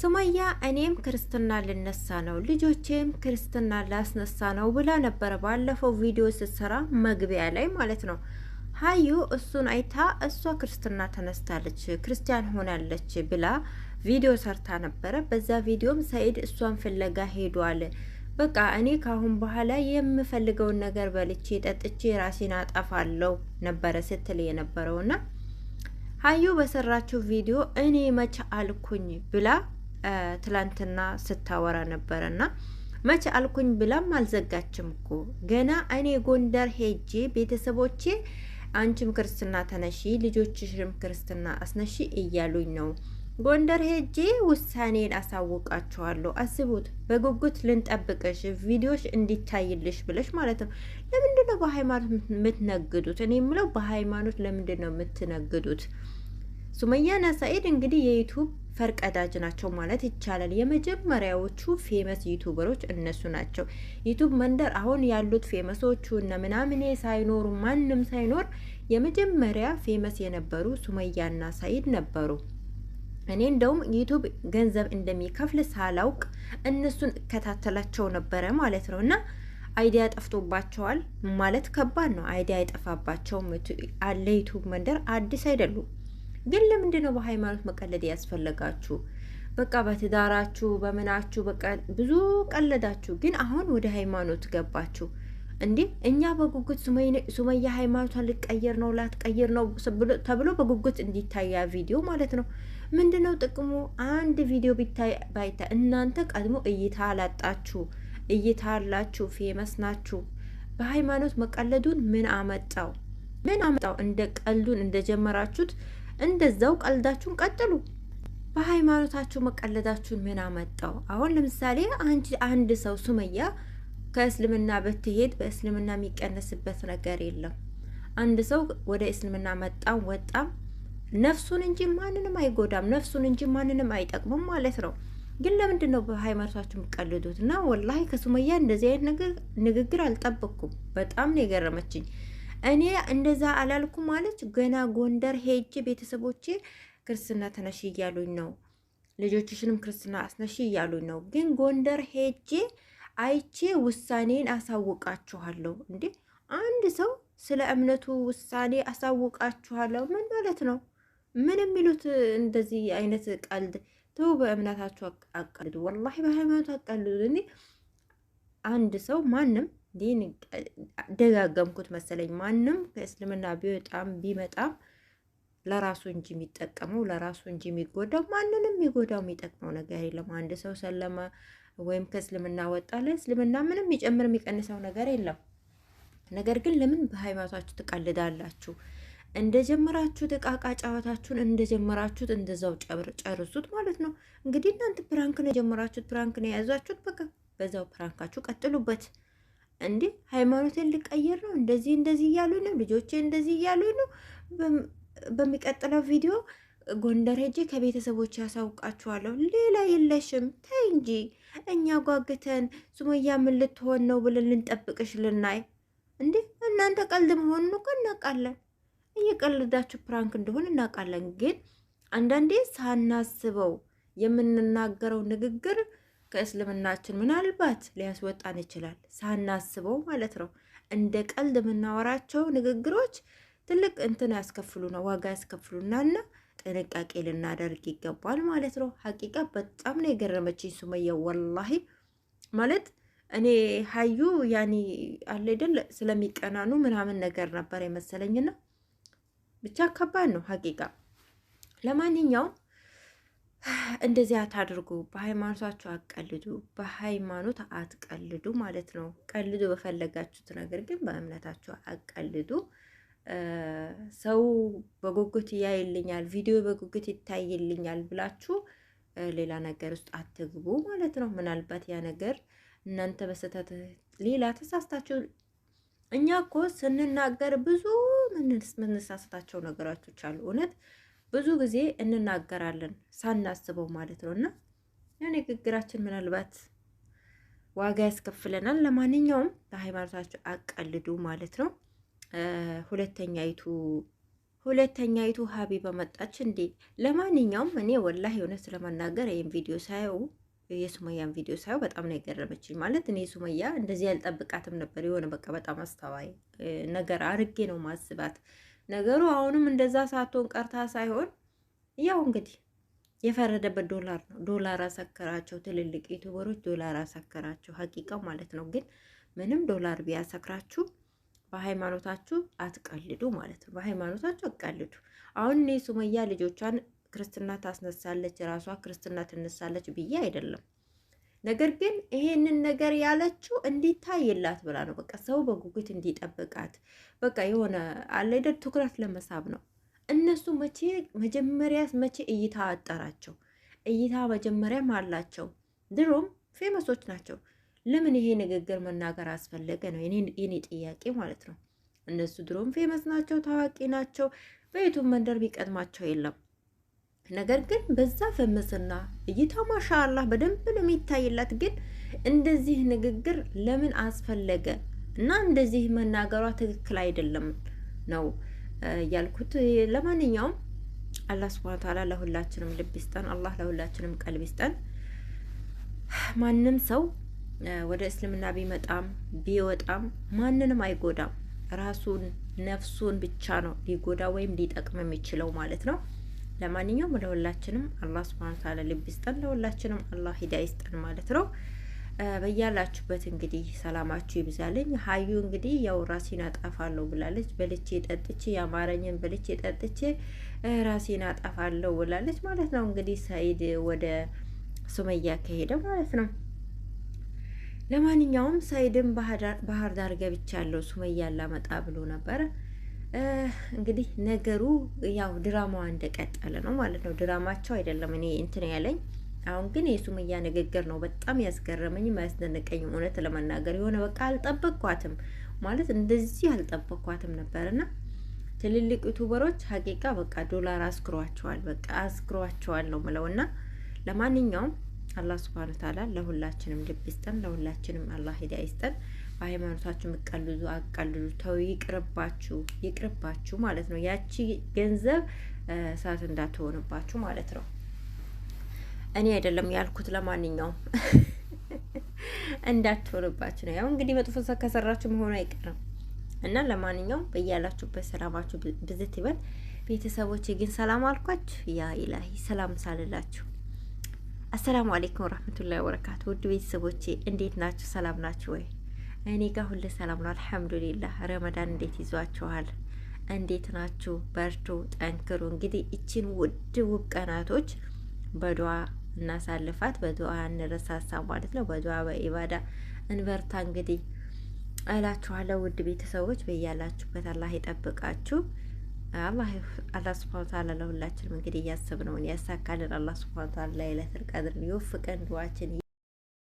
ሱመያ እኔም ክርስትና ልነሳ ነው ልጆቼም ክርስትና ላስነሳ ነው ብላ ነበረ ባለፈው ቪዲዮ ስትሰራ መግቢያ ላይ ማለት ነው። ሀዩ እሱን አይታ እሷ ክርስትና ተነስታለች ክርስቲያን ሆናለች ብላ ቪዲዮ ሰርታ ነበረ። በዛ ቪዲዮም ሰኢድ እሷን ፍለጋ ሄዷል። በቃ እኔ ካሁን በኋላ የምፈልገውን ነገር በልቼ ጠጥቼ ራሴን አጠፋለሁ ነበረ ስትል የነበረውና ሀዩ በሰራችው ቪዲዮ እኔ መች አልኩኝ ብላ ትላንትና ስታወራ ነበረ ነበረና መቼ አልኩኝ ብላም አልዘጋችም እኮ ገና እኔ ጎንደር ሄጄ ቤተሰቦቼ አንቺም ክርስትና ተነሺ ልጆችሽም ክርስትና አስነሺ እያሉኝ ነው። ጎንደር ሄጄ ውሳኔን አሳውቃችኋለሁ። አስቡት፣ በጉጉት ልንጠብቅሽ፣ ቪዲዮሽ እንዲታይልሽ ብለሽ ማለት ነው። ለምንድን ነው በሃይማኖት የምትነግዱት? እኔ የምለው በሃይማኖት ለምንድን ነው የምትነግዱት? ሱመያና ሳኢድ እንግዲህ የዩቱብ ፈርቀዳጅ ናቸው ማለት ይቻላል። የመጀመሪያዎቹ ፌመስ ዩቱበሮች እነሱ ናቸው። ዩቱብ መንደር አሁን ያሉት ፌመሶቹ እና ምናምኔ ሳይኖሩ ማንም ሳይኖር የመጀመሪያ ፌመስ የነበሩ ሱመያና ሳይድ ነበሩ። እኔ እንደውም ዩቱብ ገንዘብ እንደሚከፍል ሳላውቅ እነሱን እከታተላቸው ነበረ ማለት ነው እና አይዲያ ጠፍቶባቸዋል ማለት ከባድ ነው። አይዲያ አይጠፋባቸውም ለዩቱብ መንደር አዲስ አይደሉም። ግን ለምንድን ነው በሃይማኖት መቀለድ ያስፈለጋችሁ? በቃ በትዳራችሁ በምናችሁ በቃ ብዙ ቀለዳችሁ፣ ግን አሁን ወደ ሃይማኖት ገባችሁ እንዴ? እኛ በጉጉት ሱመያ ሃይማኖቷን ልቀየር ነው ላትቀየር ነው ተብሎ በጉጉት እንዲታያ ቪዲዮ ማለት ነው። ምንድን ነው ጥቅሙ? አንድ ቪዲዮ ቢታይ ባይታ እናንተ ቀድሞ እይታ አላጣችሁ፣ እይታ አላችሁ፣ ፌመስ ናችሁ። በሃይማኖት መቀለዱን ምን አመጣው? ምን አመጣው? እንደ ቀልዱን እንደጀመራችሁት እንደዛው ቀልዳችሁን ቀጥሉ። በሃይማኖታችሁ መቀለዳችሁን ምን አመጣው? አሁን ለምሳሌ አንቺ አንድ ሰው ሱመያ ከእስልምና ብትሄድ በእስልምና የሚቀነስበት ነገር የለም። አንድ ሰው ወደ እስልምና መጣም ወጣም ነፍሱን እንጂ ማንንም አይጎዳም፣ ነፍሱን እንጂ ማንንም አይጠቅምም ማለት ነው። ግን ለምንድን ነው በሃይማኖታችሁ የምትቀልዱት? እና ወላሂ ከሱመያ እንደዚህ አይነት ንግግር አልጠበቅኩም። በጣም ነው የገረመችኝ። እኔ እንደዛ አላልኩ ማለች። ገና ጎንደር ሄጄ ቤተሰቦቼ ክርስትና ተነሽ እያሉኝ ነው፣ ልጆችሽንም ክርስትና አስነሽ እያሉኝ ነው። ግን ጎንደር ሄጄ አይቼ ውሳኔን አሳውቃችኋለሁ። እንዴ አንድ ሰው ስለ እምነቱ ውሳኔ አሳውቃችኋለሁ ምን ማለት ነው? ምን የሚሉት እንደዚህ አይነት ቀልድ ተው። በእምነታችሁ አቀልዱ፣ ወላሂ በሃይማኖት አቀልዱ። እኔ አንድ ሰው ማንም ዲን ደጋገምኩት መሰለኝ። ማንም ከእስልምና ቢወጣም ቢመጣም ለራሱ እንጂ የሚጠቀመው ለራሱ እንጂ የሚጎዳው ማንንም የሚጎዳው የሚጠቅመው ነገር የለም። አንድ ሰው ሰለመ ወይም ከእስልምና ወጣ ለእስልምና ምንም የሚጨምር የሚቀንሰው ነገር የለም። ነገር ግን ለምን በሃይማኖታችሁ ትቀልዳላችሁ? እንደጀመራችሁት እቃቃ ጨዋታችሁን እንደጀመራችሁት እንደዛው ጨርሱት ማለት ነው። እንግዲህ እናንተ ፕራንክ ነው የጀመራችሁት፣ ፕራንክ ነው የያዛችሁት። በቃ በዛው ፕራንካችሁ ቀጥሉበት። እንዴ ሃይማኖት ልቀይር ነው እንደዚህ እንደዚህ እያሉ ነው ልጆቼ እንደዚህ እያሉ ነው። በሚቀጥለው ቪዲዮ ጎንደር ሄጄ ከቤተሰቦች ያሳውቃችኋለሁ። ሌላ የለሽም። ተይ እንጂ እኛ ጓግተን ሱመያ ምን ልትሆን ነው ብለን ልንጠብቅሽ ልናይ እንዴ። እናንተ ቀልድ መሆኑን እኮ እናውቃለን። እየቀልዳችሁ ፕራንክ እንደሆን እናውቃለን። ግን አንዳንዴ ሳናስበው የምንናገረው ንግግር ከእስልምናችን ምናልባት ሊያስወጣን ይችላል፣ ሳናስበው ማለት ነው። እንደ ቀልድ የምናወራቸው ንግግሮች ትልቅ እንትን ያስከፍሉ ነው ዋጋ ያስከፍሉናና ጥንቃቄ ልናደርግ ይገባል ማለት ነው። ሀቂቃ በጣም ነው የገረመችኝ ሱመያ ወላሂ ማለት እኔ ሀዩ ያኔ አለደል ስለሚቀናኑ ምናምን ነገር ነበር የመሰለኝና ብቻ ከባድ ነው ሀቂቃ ለማንኛውም እንደዚህ አታድርጉ። በሃይማኖታችሁ አቀልዱ በሃይማኖት አትቀልዱ ማለት ነው። ቀልዱ በፈለጋችሁት ነገር፣ ግን በእምነታችሁ አቀልዱ ሰው በጉጉት ያይልኛል፣ ቪዲዮ በጉጉት ይታይልኛል ብላችሁ ሌላ ነገር ውስጥ አትግቡ ማለት ነው። ምናልባት ያ ነገር እናንተ በስህተት ሌላ ተሳስታችሁ እኛ እኮ ስንናገር ብዙ ምንሳሳታቸው ነገራቶች አሉ እውነት ብዙ ጊዜ እንናገራለን ሳናስበው ማለት ነው። እና ንግግራችን ምናልባት ዋጋ ያስከፍለናል። ለማንኛውም በሃይማኖታችሁ አቀልዱ ማለት ነው። ሁለተኛይቱ ሁለተኛይቱ ሀቢባ መጣች እንዴ! ለማንኛውም እኔ ወላሂ የእውነት ስለመናገር ይህን ቪዲዮ ሳየው የሱመያን ቪዲዮ ሳየው በጣም ነው የገረመችኝ። ማለት እኔ ሱመያ እንደዚህ ያልጠብቃትም ነበር። የሆነ በቃ በጣም አስተዋይ ነገር አርጌ ነው ማስባት ነገሩ አሁንም እንደዛ ሳትሆን ቀርታ ሳይሆን ያው እንግዲህ የፈረደበት ዶላር ነው። ዶላር አሰከራቸው። ትልልቅ ዩቱበሮች ዶላር አሰከራቸው። ሀቂቃው ማለት ነው። ግን ምንም ዶላር ቢያሰክራችሁ በሃይማኖታችሁ አትቀልዱ ማለት ነው። በሃይማኖታችሁ አትቀልዱ። አሁን እኔ ሱመያ ልጆቿን ክርስትና ታስነሳለች፣ ራሷ ክርስትና ትነሳለች ብዬ አይደለም ነገር ግን ይሄንን ነገር ያለችው እንዲታይላት የላት ብላ ነው። በቃ ሰው በጉጉት እንዲጠብቃት በቃ የሆነ አለደ ትኩረት ለመሳብ ነው። እነሱ መቼ መጀመሪያ መቼ እይታ አጠራቸው? እይታ መጀመሪያም አላቸው። ድሮም ፌመሶች ናቸው። ለምን ይሄ ንግግር መናገር አስፈለገ ነው የኔ ጥያቄ ማለት ነው። እነሱ ድሮም ፌመስ ናቸው፣ ታዋቂ ናቸው። በየቱም መንደር ቢቀድማቸው የለም ነገር ግን በዛ ፈመስና እይታ ማሻአላህ በደንብ ነው የሚታይላት። ግን እንደዚህ ንግግር ለምን አስፈለገ እና እንደዚህ መናገሯ ትክክል አይደለም ነው ያልኩት። ለማንኛውም አላህ ሱብሃነሁ ወተዓላ ለሁላችንም ልብ ይስጠን። አላህ ለሁላችንም ቀልብ ይስጠን። ማንም ሰው ወደ እስልምና ቢመጣም ቢወጣም ማንንም አይጎዳም። ራሱን ነፍሱን ብቻ ነው ሊጎዳ ወይም ሊጠቅም የሚችለው ማለት ነው። ለማንኛውም ለሁላችንም አላህ ሱብሃነሁ ወተዓላ ልብ ይስጠን፣ ለሁላችንም አላህ ሂዳ ይስጠን ማለት ነው። በያላችሁበት እንግዲህ ሰላማችሁ ይብዛልኝ። ሀዩ እንግዲህ ያው ራሴን አጠፋለሁ ብላለች። በልቼ ጠጥቼ የአማረኝን በልቼ ጠጥቼ ራሴን አጠፋለሁ ብላለች ማለት ነው። እንግዲህ ሰኢድ ወደ ሱመያ ከሄደ ማለት ነው። ለማንኛውም ሰኢድን ባህር ዳር ገብቻለሁ ሱመያ ላመጣ ብሎ ነበረ። እንግዲህ ነገሩ ያው ድራማዋ እንደቀጠለ ነው ማለት ነው። ድራማቸው አይደለም እኔ እንትን ያለኝ አሁን ግን የሱመያ ንግግር ነው በጣም ያስገረመኝ ያስደነቀኝም። እውነት ለመናገር የሆነ በቃ አልጠበቅኳትም ማለት እንደዚህ አልጠበቅኳትም ነበርና ትልልቅ ዩቱበሮች ሀቂቃ በቃ ዶላር አስክሯቸዋል፣ በቃ አስክሯቸዋል ነው ምለውና ለማንኛውም አላህ ስብሃነ ተዓላ ለሁላችንም ልብ ይስጠን፣ ለሁላችንም አላህ ሂዳ ይስጠን። በሃይማኖታችሁ የምትቀልዱ አቀልዱ፣ ተው፣ ይቅርባችሁ፣ ይቅርባችሁ ማለት ነው። ያቺ ገንዘብ እሳት እንዳትሆንባችሁ ማለት ነው። እኔ አይደለም ያልኩት፣ ለማንኛውም እንዳትሆንባችሁ ነው። ያው እንግዲህ መጥፎ ከሰራችሁ መሆኑ አይቀርም እና ለማንኛውም በያላችሁበት ሰላማችሁ ብዝት ይበል። ቤተሰቦች ግን ሰላም አልኳችሁ። ያ ኢላሂ ሰላም ሳልላችሁ። አሰላሙ አሌይኩም ወራህመቱላሂ ወበረካቱ። ውድ ቤተሰቦቼ እንዴት ናችሁ? ሰላም ናችሁ ወይ? እኔ ጋር ሁሌ ሰላም ነው፣ አልሐምዱሊላህ። ረመዳን እንዴት ይዟችኋል? እንዴት ናችሁ? በርቱ፣ ጠንክሩ። እንግዲህ እቺን ውድ ውብ ቀናቶች በዱዓ እናሳልፋት፣ በዱዓ እንረሳሳ ማለት ነው። በዱዓ በኢባዳ እንበርታ። እንግዲህ እላችኋለሁ ውድ ቤተሰቦች በያላችሁበት አላህ ይጠብቃችሁ። አላህ አላህ ስብሐነ ወተዓላ ለሁላችንም እንግዲህ እያሰብነውን ያሳካልን። አላህ ስብሐነ ወተዓላ ለይለቱል ቀድር ይወፍቀን። ዱዓችን